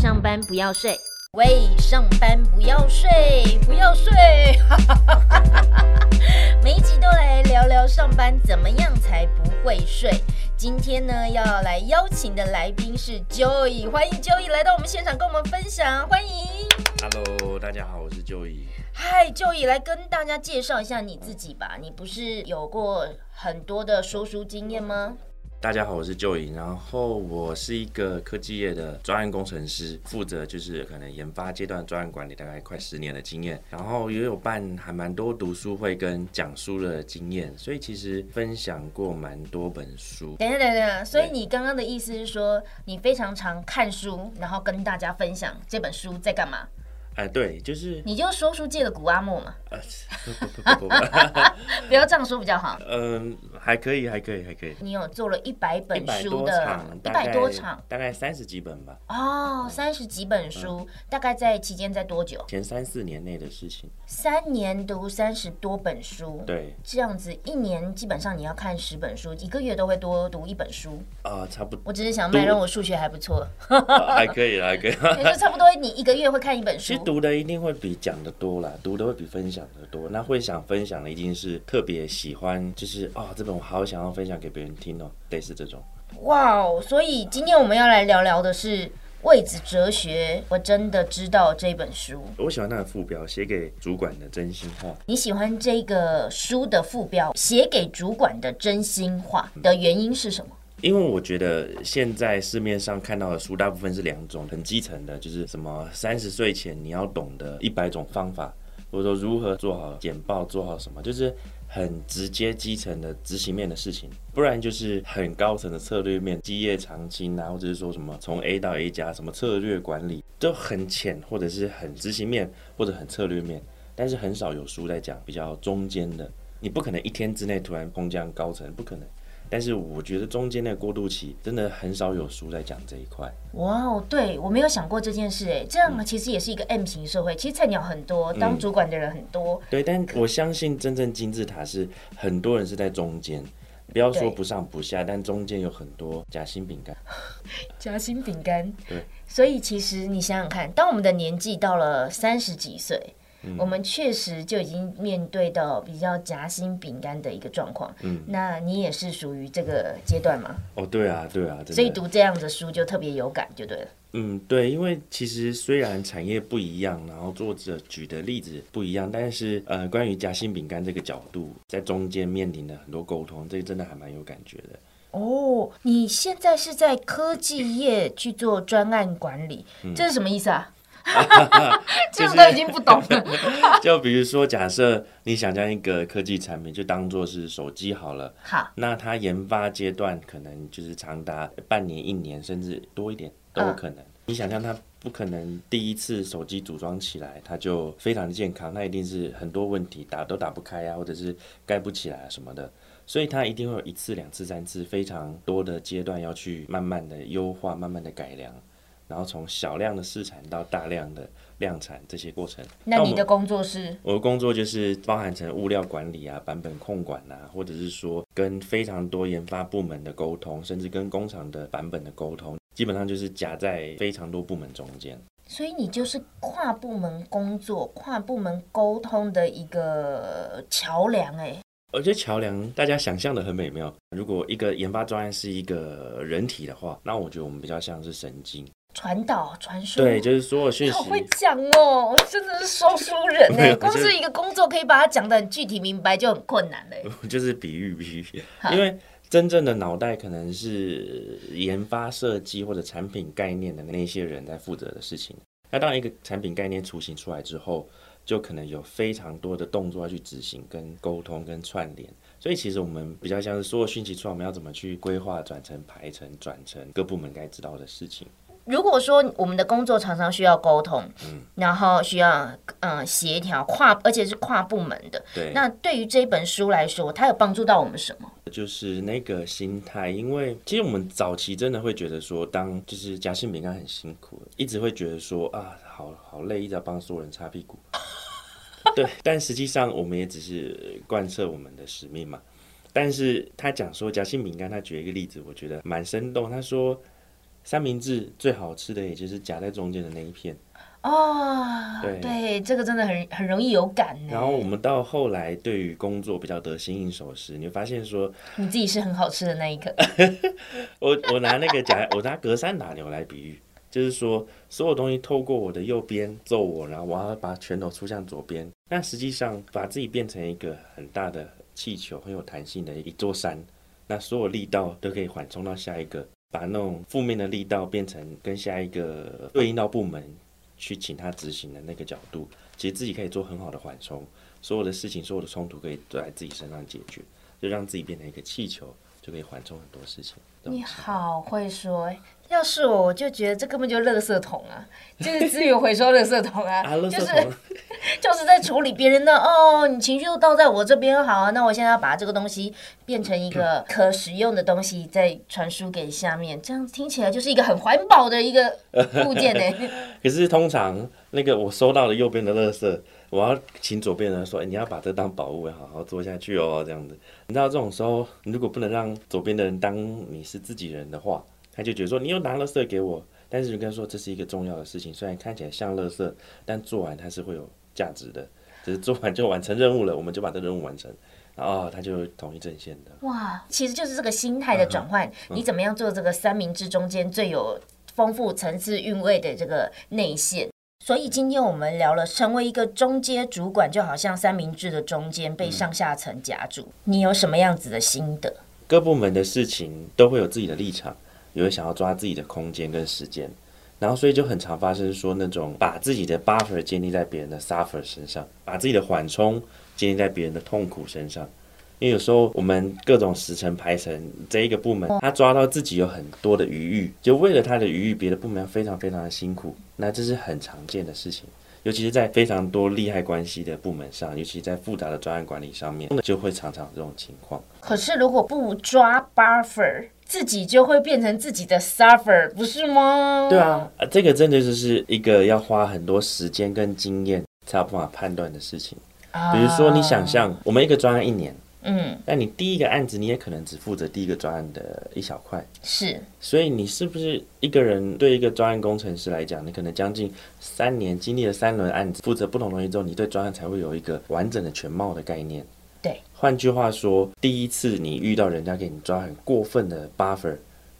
上班不要睡，喂，上班不要睡，不要睡， 每一集都來聊聊上班怎麼樣才不會睡。今天呢，要來邀請的來賓是 Joey，歡迎 Joey 來到我們現場跟我們分享，歡迎。Hello，大家好，我是 Joey。嗨，Joey，來跟大家介紹一下你自己吧。你不是有過很多的說書經驗嗎？大家好，我是 Joey，然後我是一個科技業的專案工程師，負責就是可能研發階段專案管理，大概快十年的經驗，然後也有辦還蠻多讀書會跟講書的經驗，所以其實分享過蠻多本書。等等下，等下，所以你剛剛的意思是說對你非常常看書，然後跟大家分享這本書在幹嘛？哎、呃，對，就是你就說書界的古阿莫嘛。呃、不不，不，不， 不要這樣說比較好。嗯、呃。還可以，還可以，還可以。你有做了一百本書的一百多場？大概三十幾本吧。哦，三十幾本書，嗯、大概在期間在多久？前三四年內的事情。三年讀三十多本書，對，這樣子一年基本上你要看十本書，一個月都會多讀一本書。啊、呃，差不多。我只是想賣，讓我數學還不錯。哦。還可以，還可以。就差不多，你一個月會看一本書。其實讀的一定會比講的多啦，讀的會比分享的多。那會想分享的一定是特別喜歡，就是啊、哦，這本。好想要分享給別人聽哦，類似這種。哇哦，所以今天我們要來聊聊的是《位子哲學》。我真的知道這本書。我喜歡它的副標“寫給主管的真心話”。你喜歡這個書的副標“寫給主管的真心話”的原因是什麼？嗯。因為我覺得現在市面上看到的書大部分是兩種，很基層的，就是什麼三十歲前你要懂的一百種方法，或者說如何做好簡報，做好什麼，就是。很直接基層的執行面的事情，不然就是很高層的策略面，基業長青啊，或者是說什麼從 A 到 A 加什麼策略管理，都很淺或者是很執行面或者很策略面，但是很少有書在講比較中間的，你不可能一天之內突然空降高層，不可能。但是我覺得中間那個過渡期真的很少有書在講這一塊。哇哦、wow，對我沒有想過這件事哎，這樣其實也是一個 M 型社會，嗯、其實菜鳥很多，當主管的人很多。嗯。對，但我相信真正金字塔是很多人是在中間，不要說不上不下，對但中間有很多夾心餅乾。夾 心餅乾，對。所以其實你想想看，當我們的年紀到了三十幾歲。嗯，我們確實就已經面對到比較夾心餅乾的一個狀況，嗯，那你也是屬於這個階段嗎？哦，對啊，對啊，所以讀這樣的書就特別有感，就對了。嗯，對，因為其實雖然產業不一樣，然後作者舉的例子不一樣，但是呃，關於夾心餅乾這個角度，在中間面臨了很多溝通，這真的還蠻有感覺的。哦，你現在是在科技業去做專案管理，嗯，這是什麼意思啊？就哈，這都 已經不懂了。 就，是笑就比如說，假設你想象一個科技產品，就當做是手機好了，好，那它研發階段可能就是長達半年、一年甚至多一點都有可能。啊、你想像它不可能第一次手機組裝起來它就非常健康，那一定是很多問題，打都打不開啊，或者是蓋不起來啊什麼的。所以它一定會有一次、兩次、三次非常多的階段要去慢慢的優化、慢慢的改良。然後從小量的試產到大量的量產，這些過程。那，那你的工作是？我的工作就是包含成物料管理啊、版本控管啊，或者是說跟非常多研發部門的溝通，甚至跟工廠的版本的溝通，基本上就是夾在非常多部門中間。所以你就是跨部門工作、跨部門溝通的一個橋梁、欸，哎。我覺得橋梁大家想象的很美妙。如果一個研發專案是一個人體的話，那我覺得我們比較像是神經。傳導、傳輸，對，就是所有訊息。好會講哦、喔， 真的是說書人呢、欸，光 有是一個工作，可以把它講的很具體明白，就很困難嘞、欸。就是比喻、比喻，哈因為真正的腦袋可能是研發設計或者產品概念的那些人在負責的事情。那當一個產品概念雛形出來之後，就可能有非常多的動作要去執行、跟溝通、跟串聯。所以其實我們比較像是所有訊息出來，我們要怎麼去規劃、轉成、排成、轉成各部門該知道的事情。如果說我們的工作常常需要溝通，嗯，然後需要嗯協調跨，而且是跨部門的，對。那對於這本書來說，它有幫助到我們什麼？就是那個心態，因為其實我們早期真的會覺得說，當就是夾心餅乾很辛苦，一直會覺得說啊，好好累，一直要幫所有人擦屁股。 對，但實際上我們也只是貫徹我們的使命嘛。但是他講說夾心餅乾，他舉一個例子，我覺得蠻生動。他說。三明治最好吃的也就是夾在中間的那一片哦。Oh, 對對，這個真的很很容易有感。然後我們到後來，對於工作比較得心應手時，你會發現說，你自己是很好吃的那一個。 我我拿那個夾，我拿隔山打牛來比喻， 就是說所有東西透過我的右邊揍我，然後我要把拳頭出向左邊。那實際上把自己變成一個很大的氣球，很有彈性的一座山，那所有力道都可以緩衝到下一個。把那種負面的力道變成跟下一個對應到部門去請他執行的那個角度，其實自己可以做很好的緩衝，所有的事情、所有的衝突可以都在自己身上解決，就讓自己變成一個氣球，就可以緩衝很多事情。情。你好會說欸。要是我，我就覺得這根本就是垃圾桶啊，就是資源回收垃圾桶啊， 啊垃圾桶啊就是就是在處理別人的 哦，你情緒都倒在我這邊，好、啊，那我現在要把這個東西變成一個可使用的東西，再傳輸給下面， 這樣聽起來就是一個很環保的一個物件呢。 可是通常那個我收到了右邊的垃圾，我要請左邊的人說，哎、欸，你要把這當寶物，好好做下去哦，這樣子。你知道這種時候，如果不能讓左邊的人當你是自己人的話。他就覺得說，你又拿垃圾給我，但是人家說，這是一個重要的事情，雖然看起來像垃圾，但做完它是會有價值的，只是做完就完成任務了，我們就把這任務完成，然後他就同一陣線的。哇，其實就是這個心態的轉換，嗯嗯、你怎麼樣做這個三明治中間最有豐富層次韻味的這個內線？所以今天我們聊了，成為一個中階主管，就好像三明治的中間被上下層夾住，嗯、你有什麼樣子的心得？各部門的事情都會有自己的立場。也會想要抓自己的空間跟時間，然後所以就很常發生說那種把自己的 buffer 建立在別人的 suffer 身上，把自己的緩衝建立在別人的痛苦身上，因為有時候我們各種時程排程，這一個部門他抓到自己有很多的餘裕，就為了他的餘裕，別的部門要非常非常的辛苦，那這是很常見的事情。尤其是在非常多利害關係的部門上，尤其在複雜的專案管理上面，就會常常有這種情況。可是如果不抓 buffer，自己就會變成自己的 suffer，不是嗎？對啊，啊，這個真的就是一個要花很多時間跟經驗才有辦法判斷的事情。啊、比如說，你想象我們一個專案一年。嗯，但你第一個案子你也可能只負責第一個專案的一小塊，是，所以你是不是一個人對一個專案工程師來講，你可能將近三年經歷了三輪案子，負責不同東西之後，你對專案才會有一個完整的全貌的概念。對，換句話說，第一次你遇到人家給你抓很過分的 buffer，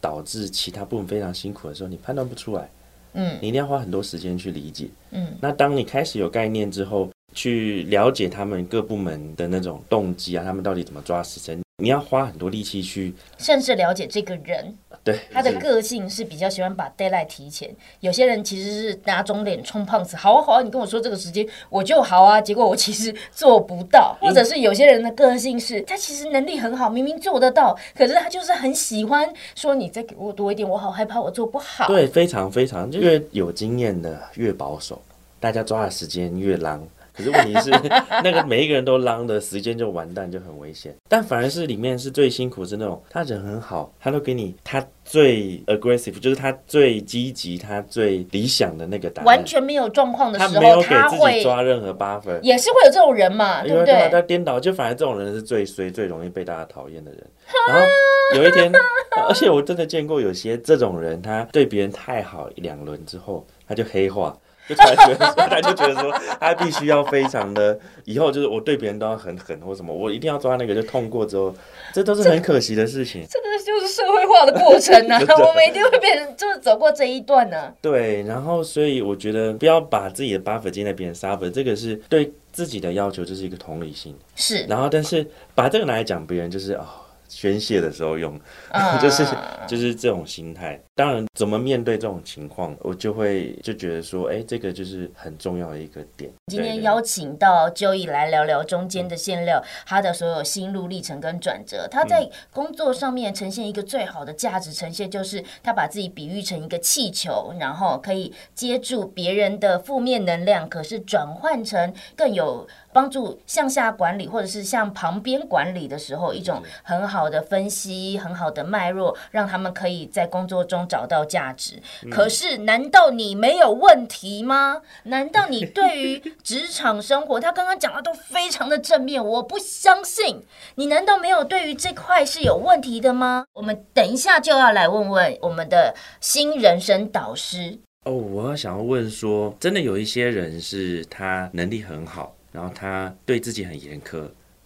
導致其他部分非常辛苦的時候，你判斷不出來。嗯，你一定要花很多時間去理解。嗯，那當你開始有概念之後。去了解他們各部門的那種動機啊，他們到底怎麼抓時間？你要花很多力氣去，甚至了解這個人。對，他的個性是比較喜歡把 deadline 提前。是有些人其實是拿腫臉充胖子，好啊好啊，你跟我說這個時間，我就好啊。結果我其實做不到，或者是有些人的個性是，他其實能力很好，明明做得到，可是他就是很喜歡說，你再給我多一點，我好害怕，我做不好。對，非常非常，越有經驗的越保守，大家抓的時間越 long。可是問題是， 那個每一個人都浪的時間就完蛋就很危險。但反而是裡面是最辛苦，是那種他人很好，他都給你他最 aggressive，就是他最積極、他最理想的那個答案，完全沒有狀況的時候，他沒有給自己抓任何 b u f f 也是會有這種人嘛，對不對？他顛倒，就反而這種人是最衰、最容易被大家討厭的人。然後有一天， 而且我真的見過有些這種人，他對別人太好，兩輪之後他就黑化。就突然覺得， 他就覺得說，他必須要非常的，以後就是我對別人都要很狠，或什麼，我一定要抓那個就痛過之後，這都是很可惜的事情這。這個就是社會化的過程呢、啊， 這我們一定會變成，就是走過這一段呢、啊。對，然後所以我覺得不要把自己的 suffer 在別人 suffer，這個是對自己的要求，就是一個同理心。是。然後，但是把這個拿來講別人，就是哦。宣洩的時候用，啊、呵呵，就是就是這種心態。當然，怎麼面對這種情況，我就會就覺得說，哎、欸，這個就是很重要的一個點。對對對，今天邀請到 Joey 來聊聊中間的餡料，嗯、他的所有心路歷程跟轉折。他在工作上面呈現一個最好的價值呈現，就是他把自己比喻成一個氣球，然後可以接住別人的負面能量，可是轉換成更有。幫助向下管理或者是向旁邊管理的時候，一種很好的分析、嗯、很好的脈絡，讓他們可以在工作中找到價值。嗯、可是，難道你沒有問題嗎？難道你對於職場生活， 他剛剛講的都非常的正面？我不相信，你難道沒有對於這塊是有問題的嗎？我們等一下就要來問問我們的星人生導師。哦，我想要問說，真的有一些人是他能力很好。然後他對自己很嚴苛，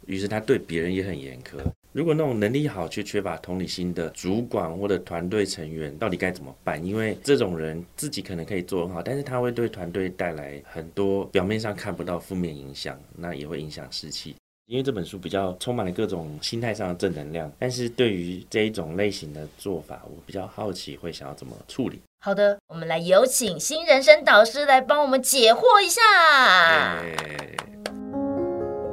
於是他對別人也很嚴苛。如果那種能力好卻缺乏同理心的主管或者團隊成員，到底該怎麼辦？因為這種人自己可能可以做很好，但是他會對團隊帶來很多表面上看不到負面影響，那也會影響士氣。因為這本書比較充滿了各種心態上的正能量，但是對於這一種類型的做法，我比較好奇會想要怎麼處理。好的，我們來有請星人生導師來幫我們解惑一下。Hey.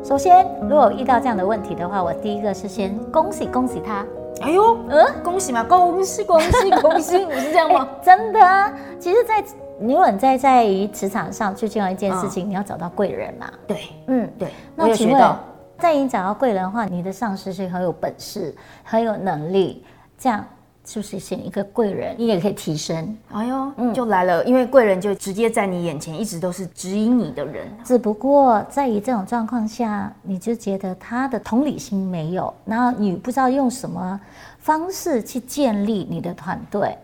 首先，如果遇到這樣的問題的話，我第一個是先恭喜恭喜他。哎呦喲，嗯，恭喜嘛，恭喜恭喜恭喜，你 是這樣嗎？欸？真的啊，其實在，在你無論在在於職場上，最重要一件事情，嗯、你要找到貴人嘛。對，嗯，對。那我請問，在你找到貴人的話，你的上司是很有本事、很有能力，這樣。就是選一個貴人，你也可以提升。哎呦，就來了，嗯，因為貴人就直接在你眼前，一直都是指引你的人。只不過在於這種狀況下，你就覺得他的同理心沒有，然後你不知道用什麼方式去建立你的團隊，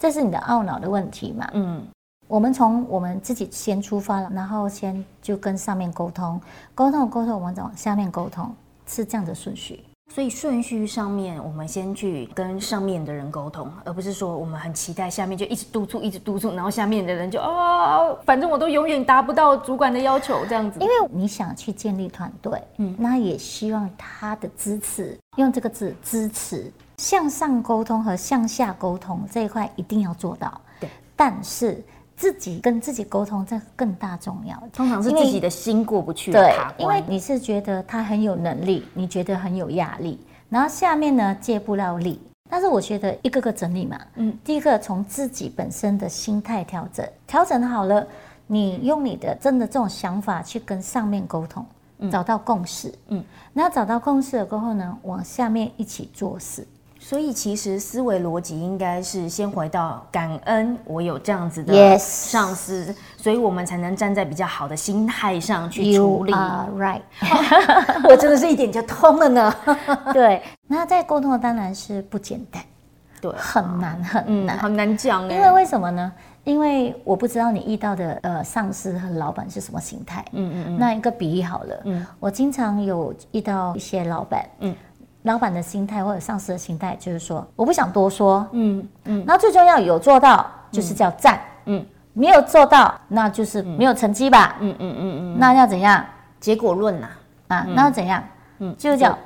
這是你的懊惱的問題嘛？嗯，我們從我們自己先出發了，然後先就跟上面溝通，溝通溝通，我們再往下面溝通，是這樣的順序。所以順序上面，我們先去跟上面的人溝通，而不是說我們很期待下面就一直督促，一直督促，然後下面的人就哦，反正我都永遠達不到主管的要求這樣子。因為你想去建立團隊，嗯，那也希望他的支持，用這個字支持，向上溝通和向下溝通這一塊一定要做到。對，但是。自己跟自己溝通，這更大重要。通常是自己的心為過不去，對，卡關。因為你是覺得他很有能力，你覺得很有壓力，然後下面呢借不了力。但是我覺得一個個整理嘛，嗯，第一個從自己本身的心態調整，調整好了，你用你的真的這種想法去跟上面溝通，嗯、找到共識，嗯，然後找到共識了過後呢，往下面一起做事。所以，其實思維邏輯應該是先回到感恩，我有這樣子的上司，Yes. 所以我們才能站在比較好的心態上去處理。Right，我真的是一點就通了呢。 對，那在溝通的當然是不簡單，對很，很難、嗯、很難很難講。因為為什麼呢？因為我不知道你遇到的呃上司和老板是什麼心態。嗯,嗯嗯。那一個比喻好了，嗯，我經常有遇到一些老板，嗯。老闆的心態或者上司的心態，就是說我不想多說嗯，嗯嗯，那最重要有做到就是叫讚，嗯，嗯，沒有做到那就是沒有成績吧嗯，嗯嗯嗯嗯，嗯嗯那要怎樣？結果論吶，啊，啊嗯，那要怎樣？嗯，就是叫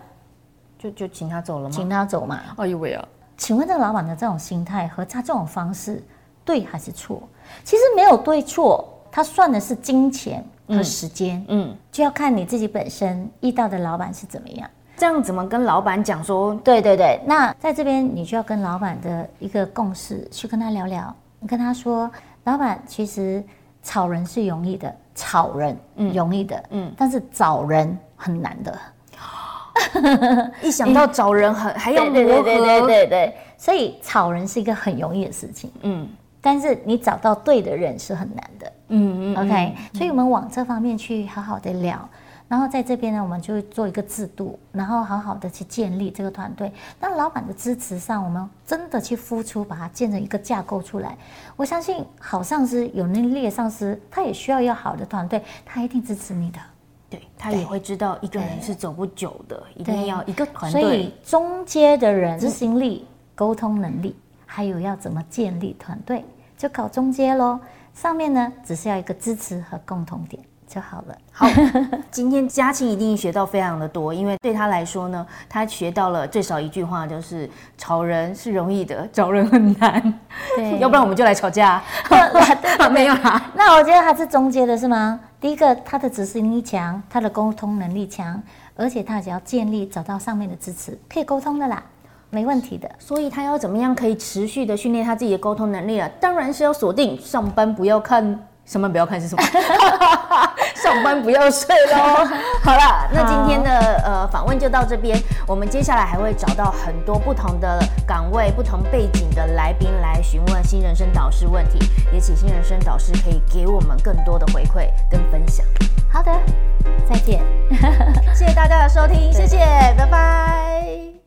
就就，就請他走了嗎？請他走嘛？哎呦喂啊！請問這個老闆的這種心態和他這種方式對還是錯？其實沒有對錯，他算的是金錢和時間，嗯，嗯，就要看你自己本身遇到的老闆是怎麼樣。這樣怎麼跟老闆講說？說對對對，那在這邊你就要跟老闆的一個共識去跟他聊聊。你跟他說，老闆其實炒人是容易的，炒人容易的，嗯，但是找人很難的。嗯、 一想到找人很、嗯、還要磨。對，對對對對對，所以炒人是一個很容易的事情，嗯，但是你找到對的人是很難的，嗯 okay, 嗯，OK，所以我們往這方面去好好的聊。然後在這邊呢，我們就會做一個制度，然後好好的去建立這個團隊。那老板的支持上，我們真的去付出，把它建成一個架構出來。我相信好上司、有能力的上司，他也需要要好的團隊，他一定支持你的。對他也會知道一個人是走不久的，對一定要一個團隊。所以中階的人，執行力、溝通能力，還有要怎麼建立團隊，就搞中階嘍。上面呢，只是要一個支持和共同點。就好了。好，今天佳琪一定學到非常的多，因為對他來說呢，他學到了最少一句話就是：吵人是容易的，找人很難。對，要不然我們就來吵架。 對對對沒有啦、啊。那我覺得他是中介的是嗎？第一個，他的執行力強，他的溝通能力強，而且他只要建立找到上面的支持，可以溝通的啦，沒問題的。所以他要怎麼樣可以持續的訓練他自己的溝通能力啊？當然是要鎖定上班不要看，上班不要看是什麼？ 上班不要睡嘍！好了，那今天的好呃訪問就到這邊。我們接下來還會找到很多不同的崗位、不同背景的來賓來詢問星人生導師問題，也請星人生導師可以給我們更多的回饋跟分享。好的，再見， 謝謝大家的收聽，謝謝，吧拜拜。